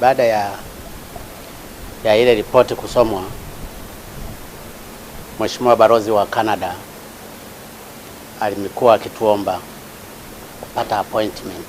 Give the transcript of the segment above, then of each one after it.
baada ya, ya ile ripoti kusomwa, Mheshimiwa Balozi wa Canada alimekuwa akituomba kupata appointment.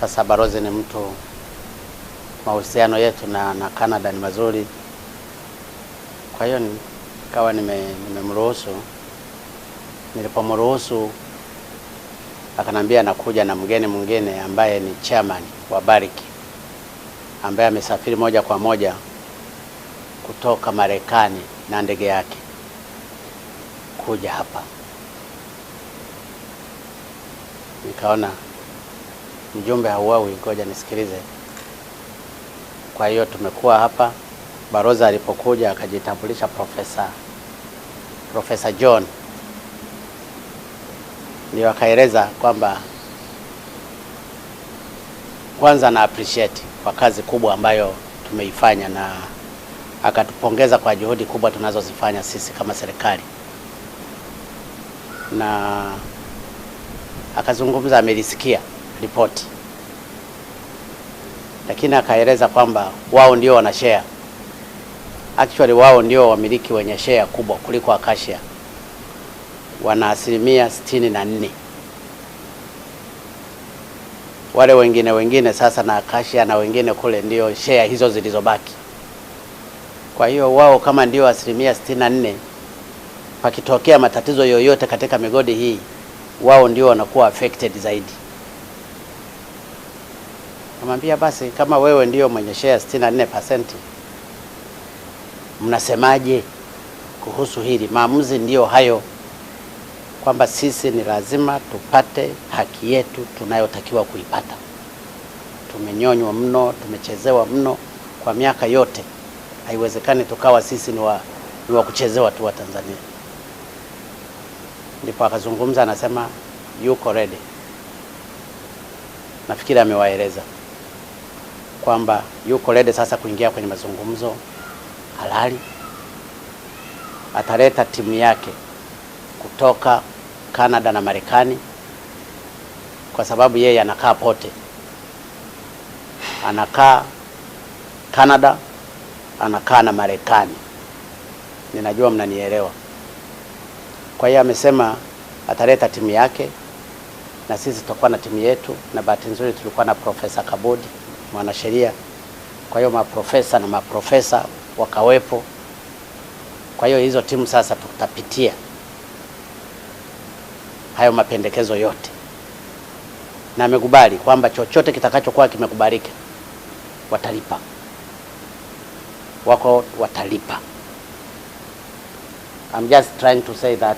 Sasa balozi ni mtu, mahusiano yetu na, na Canada ni mazuri, kwa hiyo nikawa nimemruhusu nime nilipomruhusu akanambia anakuja na mgeni mwingine ambaye ni chairman wa Barrick ambaye amesafiri moja kwa moja kutoka Marekani na ndege yake kuja hapa. Nikaona mjumbe hauawi, ngoja nisikilize. Kwa hiyo tumekuwa hapa, baroza alipokuja akajitambulisha profesa Profesa John ni wakaeleza kwamba kwanza na appreciate kwa kazi kubwa ambayo tumeifanya na akatupongeza kwa juhudi kubwa tunazozifanya sisi kama serikali, na akazungumza, amelisikia ripoti, lakini akaeleza kwamba wao ndio wana share, actually wao ndio wamiliki wenye share kubwa kuliko Acacia wana asilimia sitini na nne. Wale wengine wengine sasa na Acacia na wengine kule ndio share hizo zilizobaki. Kwa hiyo wao kama ndio asilimia sitini na nne, pakitokea matatizo yoyote katika migodi hii wao ndio wanakuwa affected zaidi. Namwambia basi, kama wewe ndio mwenye share 64%, mnasemaje kuhusu hili? Maamuzi ndiyo hayo kwamba sisi ni lazima tupate haki yetu tunayotakiwa kuipata. Tumenyonywa mno, tumechezewa mno kwa miaka yote. Haiwezekani tukawa sisi ni wa, ni wa kuchezewa tu wa Tanzania. Ndipo akazungumza anasema yuko ready. Nafikiri amewaeleza kwamba yuko ready sasa kuingia kwenye mazungumzo halali, ataleta timu yake kutoka Canada na Marekani, kwa sababu yeye anakaa pote, anakaa Canada, anakaa na Marekani. Ninajua mnanielewa. Kwa hiyo amesema ataleta timu yake na sisi tutakuwa na timu yetu, na bahati nzuri tulikuwa na Profesa Kabodi mwanasheria, kwa hiyo maprofesa na maprofesa wakawepo. Kwa hiyo hizo timu sasa tutapitia hayo mapendekezo yote na amekubali kwamba chochote kitakachokuwa kimekubalika watalipa, wako watalipa. I'm just trying to say that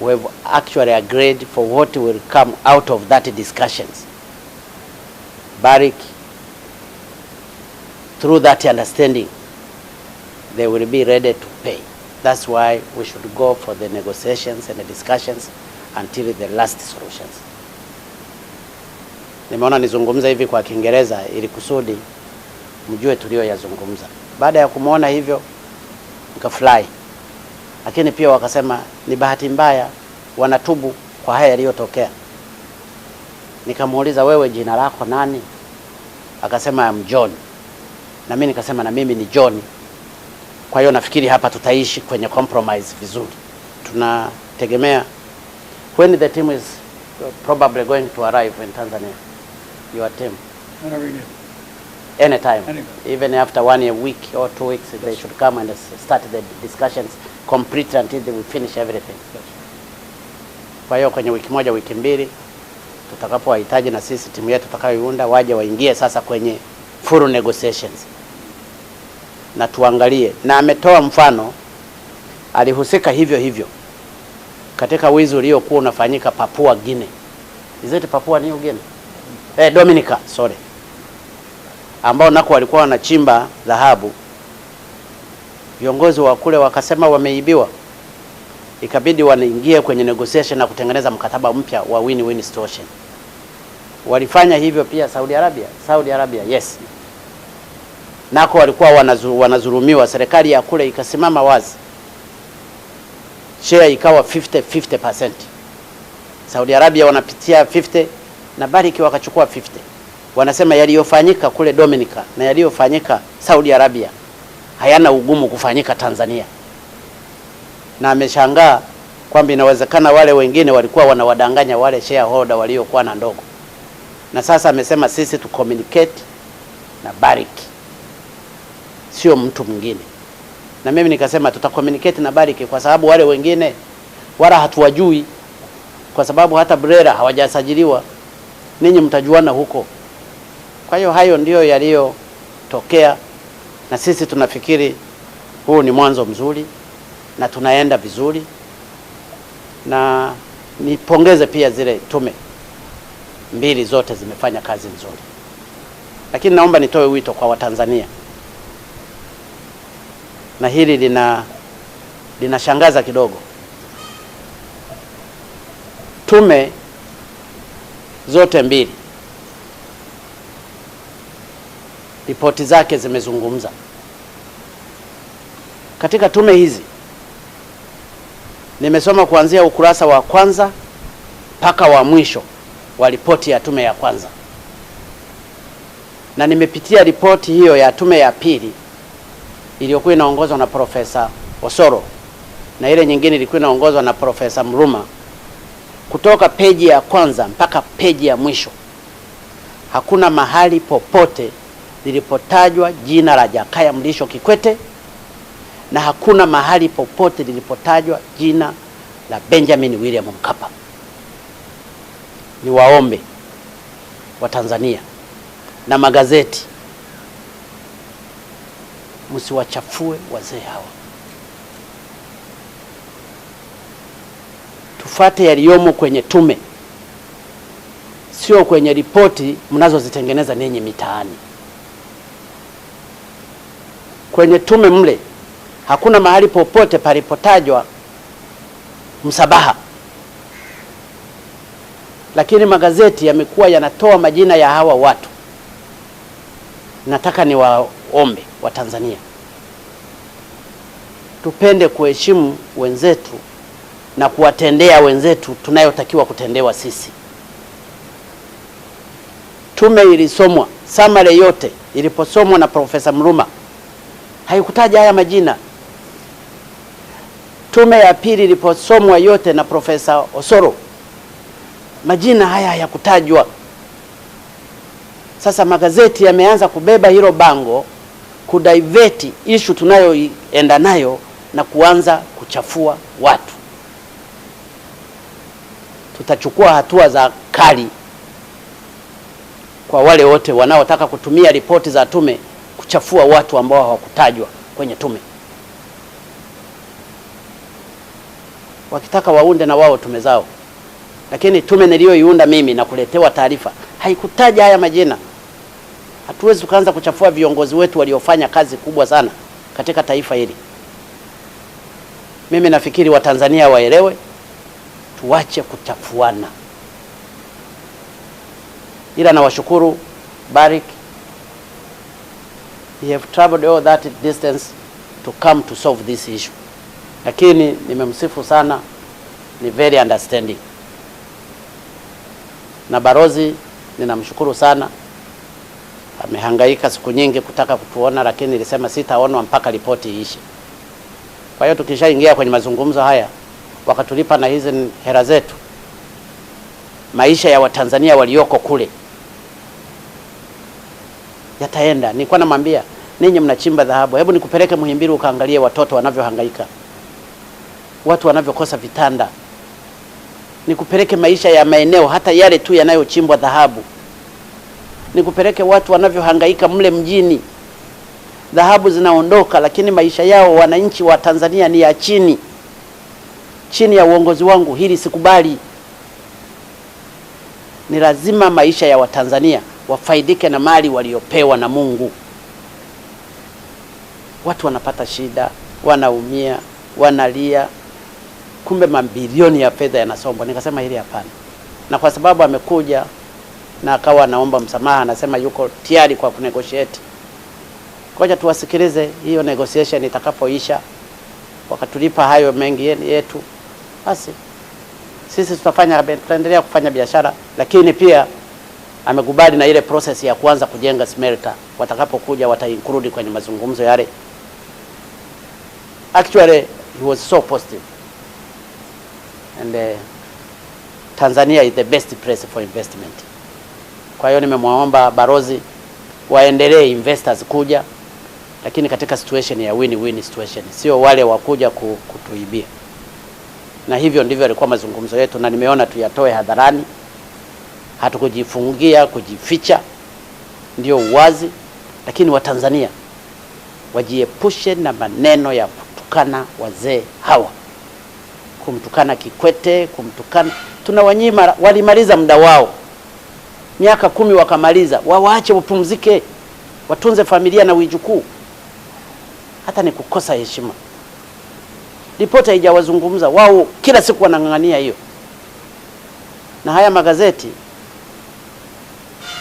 have actually agreed for what will come out of that discussions. Barrick, through that understanding, they will be ready to pay. That's why we should go for the negotiations and the discussions until the last solutions. Nimeona nizungumza hivi kwa Kiingereza ili kusudi mjue tuliyoyazungumza. Baada ya kumwona hivyo nikafurahi, lakini pia wakasema ni bahati mbaya wanatubu kwa haya yaliyotokea. Nikamuuliza, wewe jina lako nani? Akasema I'm John, na mimi nikasema na mimi ni John. Kwa hiyo nafikiri hapa tutaishi kwenye compromise vizuri. Tunategemea when the team is uh, probably going to arrive in Tanzania, your team? Anytime. Anyway. Even after one year, week or two weeks, That's they should come and start the discussions completely until they will finish everything. Kwa hiyo kwenye wiki moja, wiki mbili tutakapowahitaji na sisi timu yetu tutakayoiunda waje waingie sasa kwenye full negotiations na tuangalie, na ametoa mfano, alihusika hivyo hivyo katika wizi uliokuwa unafanyika Papua Gine. Is it Papua New Guinea? Eh, Dominica, sorry. Ambao nako walikuwa wanachimba dhahabu. Viongozi wa kule wakasema wameibiwa. Ikabidi wanaingia kwenye negotiation na kutengeneza mkataba mpya wa win-win situation. Walifanya hivyo pia Saudi Arabia. Saudi Arabia, yes. Nako walikuwa wanazulumiwa, serikali ya kule ikasimama wazi share ikawa 50 50%. Saudi Arabia wanapitia 50 na bariki wakachukua 50. Wanasema yaliyofanyika kule Dominica na yaliyofanyika Saudi Arabia hayana ugumu kufanyika Tanzania, na ameshangaa kwamba inawezekana wale wengine walikuwa wanawadanganya wale shareholder waliokuwa na ndogo, na sasa amesema sisi tu communicate na Bariki, sio mtu mwingine na mimi nikasema tutakomunicate na Bariki kwa sababu wale wengine wala hatuwajui, kwa sababu hata BRELA hawajasajiliwa. Ninyi mtajuana huko. Kwa hiyo hayo ndiyo yaliyotokea, na sisi tunafikiri huu ni mwanzo mzuri na tunaenda vizuri, na nipongeze pia zile tume mbili, zote zimefanya kazi nzuri, lakini naomba nitoe wito kwa Watanzania na hili lina linashangaza kidogo. Tume zote mbili ripoti zake zimezungumza. Katika tume hizi nimesoma kuanzia ukurasa wa kwanza mpaka wa mwisho wa ripoti ya tume ya kwanza, na nimepitia ripoti hiyo ya tume ya pili iliyokuwa inaongozwa na Profesa Osoro na ile nyingine ilikuwa inaongozwa na Profesa Mruma, kutoka peji ya kwanza mpaka peji ya mwisho, hakuna mahali popote lilipotajwa jina la Jakaya Mlisho Kikwete na hakuna mahali popote lilipotajwa jina la Benjamin William Mkapa. Niwaombe Watanzania na magazeti msiwachafue wazee hawa, tufate yaliyomo kwenye tume, sio kwenye ripoti mnazozitengeneza ninyi mitaani. Kwenye tume mle hakuna mahali popote palipotajwa msabaha, lakini magazeti yamekuwa yanatoa majina ya hawa watu. Nataka niwa ombi wa Tanzania, tupende kuheshimu wenzetu na kuwatendea wenzetu tunayotakiwa kutendewa sisi. Tume ilisomwa samare yote iliposomwa na Profesa Mruma haikutaja haya majina. Tume ya pili iliposomwa yote na Profesa Osoro majina haya hayakutajwa. Sasa magazeti yameanza kubeba hilo bango kudivert issue tunayoenda nayo na kuanza kuchafua watu. Tutachukua hatua za kali kwa wale wote wanaotaka kutumia ripoti za tume kuchafua watu ambao hawakutajwa kwenye tume. Wakitaka waunde na wao tume zao, lakini tume niliyoiunda mimi na kuletewa taarifa haikutaja haya majina. Hatuwezi tukaanza kuchafua viongozi wetu waliofanya kazi kubwa sana katika taifa hili. Mimi nafikiri Watanzania waelewe, tuache kuchafuana. Ila nawashukuru Barrick, you have traveled all that distance to come to solve this issue, lakini nimemsifu sana, ni very understanding. Na barozi ninamshukuru sana amehangaika siku nyingi kutaka kutuona, lakini ilisema sitaonwa mpaka ripoti iishe. Kwa hiyo tukishaingia kwenye mazungumzo haya wakatulipa na hizi hela zetu, maisha ya Watanzania walioko kule yataenda. Nilikuwa namwambia ninyi mnachimba dhahabu, hebu nikupeleke Muhimbili ukaangalie watoto wanavyohangaika, watu wanavyokosa vitanda, nikupeleke maisha ya maeneo hata yale tu yanayochimbwa dhahabu nikupeleke watu wanavyohangaika mle mjini. Dhahabu zinaondoka, lakini maisha yao wananchi wa Tanzania ni ya chini. Chini ya uongozi wangu hili sikubali. Ni lazima maisha ya Watanzania wafaidike na mali waliopewa na Mungu. Watu wanapata shida, wanaumia, wanalia, kumbe mabilioni ya fedha yanasombwa. Nikasema hili hapana, na kwa sababu amekuja na akawa anaomba msamaha, anasema yuko tayari kwa kunegotiate. Ngoja tuwasikilize, hiyo negotiation itakapoisha, wakatulipa hayo mengi yetu, basi sisi tutafanya, tutaendelea kufanya biashara, lakini pia amekubali na ile process ya kuanza kujenga smelter. Watakapokuja watainclude kwenye mazungumzo yale. Actually he was so positive and uh, Tanzania is the best place for investment. Kwa hiyo nimemwaomba barozi waendelee investors kuja, lakini katika situation ya win win situation, sio wale wakuja kutuibia. Na hivyo ndivyo alikuwa mazungumzo yetu, na nimeona tuyatoe hadharani. Hatukujifungia kujificha, ndio uwazi, lakini Watanzania wajiepushe na maneno ya kutukana wazee hawa, kumtukana Kikwete, kumtukana tunawanyima, walimaliza muda wao miaka kumi wakamaliza, wawaache wapumzike, watunze familia na wijukuu. Hata ni kukosa heshima. Ripoti haijawazungumza wao, kila siku wanang'ang'ania hiyo, na haya magazeti